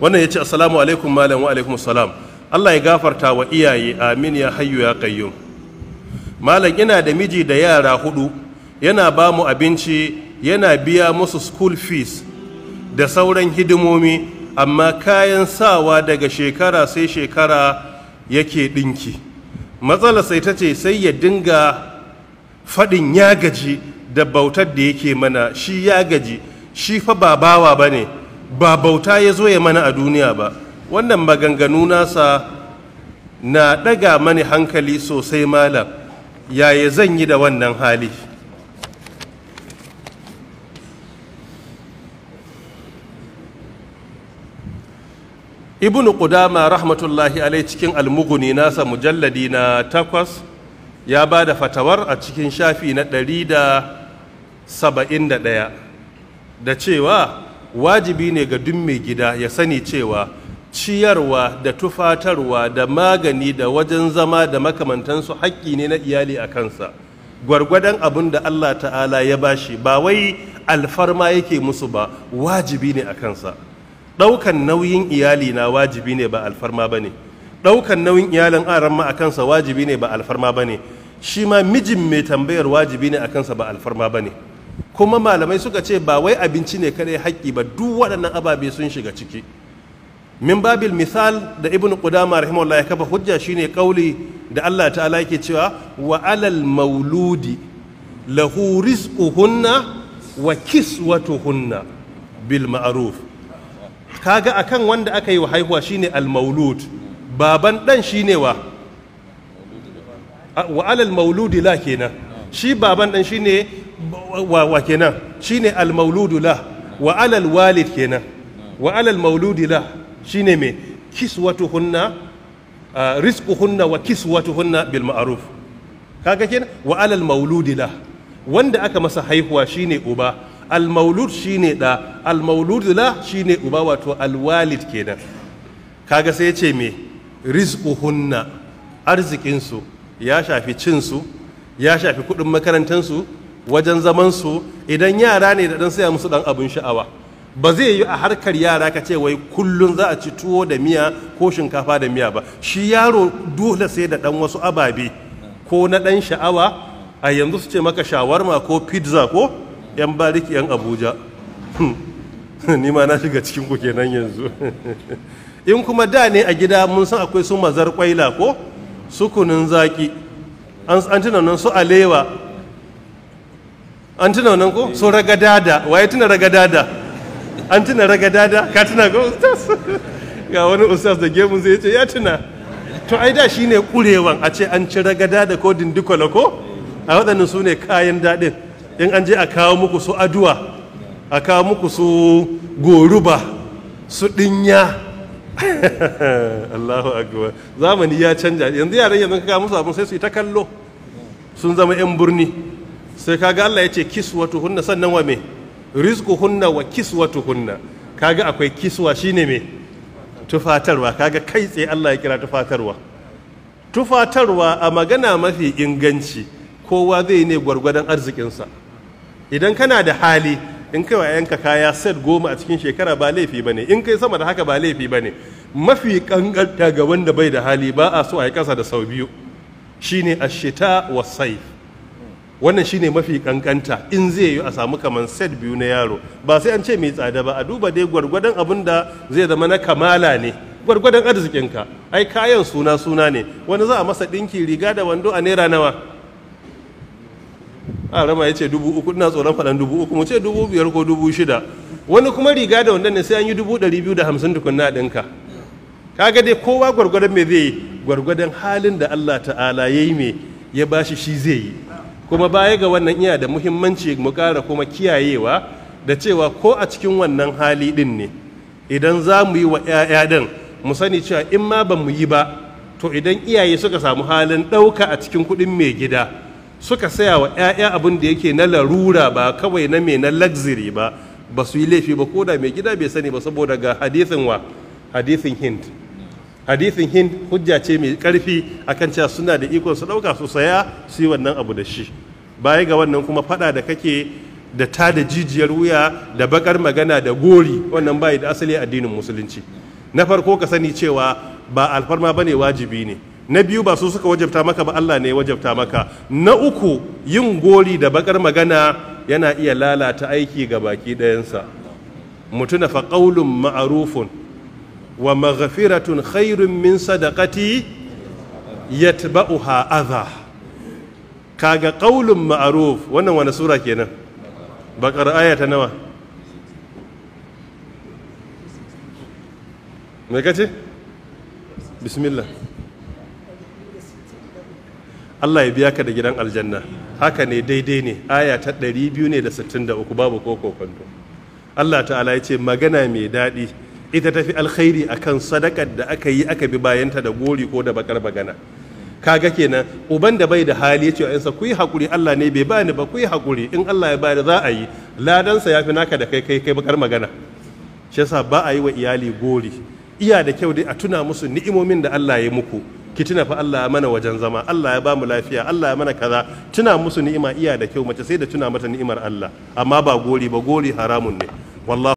wannan ya ce assalamu alaikum malam wa alaikum salam Allah ya gafarta wa iyaye amin ya hayyu ya kayyum malam ina da miji da yara hudu yana ba mu abinci yana biya musu school fees da sauran hidimomi amma kayan sawa daga shekara sai shekara yake dinki matsalar sai ta ce sai ya dinga faɗin ya gaji da bautar da yake mana shi ya gaji shi fa ba bawa ba ne ba bauta ya zo ya mana a duniya ba wannan maganganu nasa na ɗaga mani hankali sosai malam yaya zan yi da wannan hali ibnu qudama rahmatullahi alai cikin almuguni nasa mujalladi na takwas ya ba da fatawar a cikin shafi na ɗari da saba'in da ɗaya da cewa wajibi ne ga duk mai gida ya sani cewa ciyarwa da tufatarwa da magani da wajen zama da makamantansu haƙƙi ne na iyali a kansa gwargwadon abin da Allah ta'ala ya bashi ba wai alfarma yake musu ba wajibi ne a kansa ɗaukan nauyin iyali na wajibi ne ba alfarma ba ne ɗaukan nauyin iyalin aranma a kansa wajibi ne ba alfarma ba ne shi ma mijin mai tambayar wajibi ne a kansa ba alfarma ba ne kuma malamai suka ce ba wai abinci ne kadai haƙƙi ba duk waɗannan ababe sun shiga ciki min babil misal da ibn qudama rahimahullah ya kafa hujja shine kauli da Allah ta'ala yake cewa wa alal mauludi lahu rizquhunna wa kiswatuhunna bil ma'ruf kaga akan wanda aka yi wa haihuwa shine al maulud baban dan shine wa wa alal mauludi la kenan shi baban dan shine wa kenan shine al-mauludu la wa alal walid kenan wa alal mauludi la shine me risku hunna ah, wa hunna bil ma'ruf kaga kenan wa alal mauludi la wanda aka masa haihuwa shine uba al maulud shine da al la shine uba wato al walid kenan kaga sai ya ce me rizquhunna arzikinsu ya shafi cinsu ya shafi kudin makarantansu wajen zamansu idan yara ne da ɗan saya musu ɗan abin sha'awa ba zai yi a harkar yara ka ce wai kullum za a ci tuwo da miya ko shinkafa da miya ba shi yaro dole sai da ɗan wasu ababe ko na ɗan sha'awa a yanzu su ce maka shawarma ko pizza ko yan bariki yan abuja hmm. ni ma na shiga cikin ku kenan yanzu in kuma da ne a gida mun san akwai su mazar kwaila ko sukunin zaki an tunanin su alewa an tuna nan ko so ragadada waye tuna ragadada an tuna ragadada ka tuna ko ustaz ga wani ustaz da gemun zai ce ya tuna to ai da shine kurewan a ce an ci ragadada ko dindikwala ko a waɗannan su ne kayan daɗin in an je a kawo muku su aduwa a kawo muku su goruba su ɗinya Allahu akbar zamani ya canja yanzu yaran yanzu ka musu abin sai su yi ta kallo sun zama 'yan birni sai kaga Allah ya ce tuhunna sannan wa me hunna wa kiswa kiswatuhunna kaga akwai kiswa shine me tufatarwa kaga kai tsaye Allah ya kira tufatarwa tufatarwa a magana mafi inganci kowa zai ne gwargwadon arzikinsa idan kana da hali in kai wa yanka kaya set goma a cikin shekara ba laifi bane in kai sama da haka ba laifi bane mafi ƙanƙanta ga wanda bai da hali ba a so a yi kasa da sau biyu shine ashita wa saif wannan shine mafi kankanta in zai yi a samu kamar set biyu na yaro ba sai an ce mai tsada ba a duba dai gwargwadon abin da zai zama na kamala ne gwargwadon arzikinka ai kayan suna suna ne wani za a masa ɗinki riga da wando a naira nawa a rama ya ce dubu uku ina tsoron faɗan dubu uku mu ce dubu biyar ko dubu shida wani kuma riga da wanda ne sai an yi dubu ɗari biyu da hamsin tukunna ɗinka kaga dai kowa gwargwadon me zai yi gwargwadon halin da allah ta'ala ya yi me ya bashi shi zai yi kuma baya ga wannan iya da muhimmanci mu ƙara kuma kiyayewa da cewa ko a cikin wannan hali ɗin ne idan za mu yi wa 'ya'ya din mu sani cewa in ma ba mu yi ba to idan iyaye suka samu halin ɗauka a cikin kuɗin mai gida suka saya wa 'ya'ya abin da yake na larura ba kawai na mai na luxury ba ba su yi laifi ba ko da mai gida bai sani ba saboda ga hadithin wa hadithin hint hadisin hind hujja ce mai karfi akan cewa suna da ikon su dauka su saya su yi wannan abu da shi baya ga wannan kuma fada da kake da ta da jijiyar wuya da bakar magana da gori wannan bai da asali addinin musulunci na farko ka sani cewa ba alfarma bane wajibi ne na biyu ba su suka wajabta maka ba Allah ne ya wajabta maka na uku yin gori da bakar magana yana iya lalata aiki ga baki ɗayansa mutuna fa qaulun ma'rufun wa maghfiratun khairun min sadaqati yatba'uha adha kaga qaulun ma'ruf wannan wani sura kenan bakar aya ta nawa me kace bismillah Allah ya biya ka da gidan aljanna haka ne daidai ne aya ta 263 babu ko kokonto Allah ta'ala ya ce magana mai daɗi ita tafi alkhairi akan sadakar da aka yi aka bi bayanta da gori ko da bakar bagana kaga kenan uban da bai da hali yace ayansa ku yi hakuri Allah ne bai bani ba ku yi hakuri in Allah ya bani za a yi ladan sa yafi naka da kai kai kai bakar magana shi yasa ba a yi wa iyali gori iya da kyau dai a tuna musu ni'imomin da Allah ya muku ki tuna fa Allah ya mana wajen zama Allah ya bamu lafiya Allah ya mana kaza tuna musu ni'ima iya da kyau mace sai da tuna mata ni'imar Allah amma ba gori ba gori haramun ne wallahi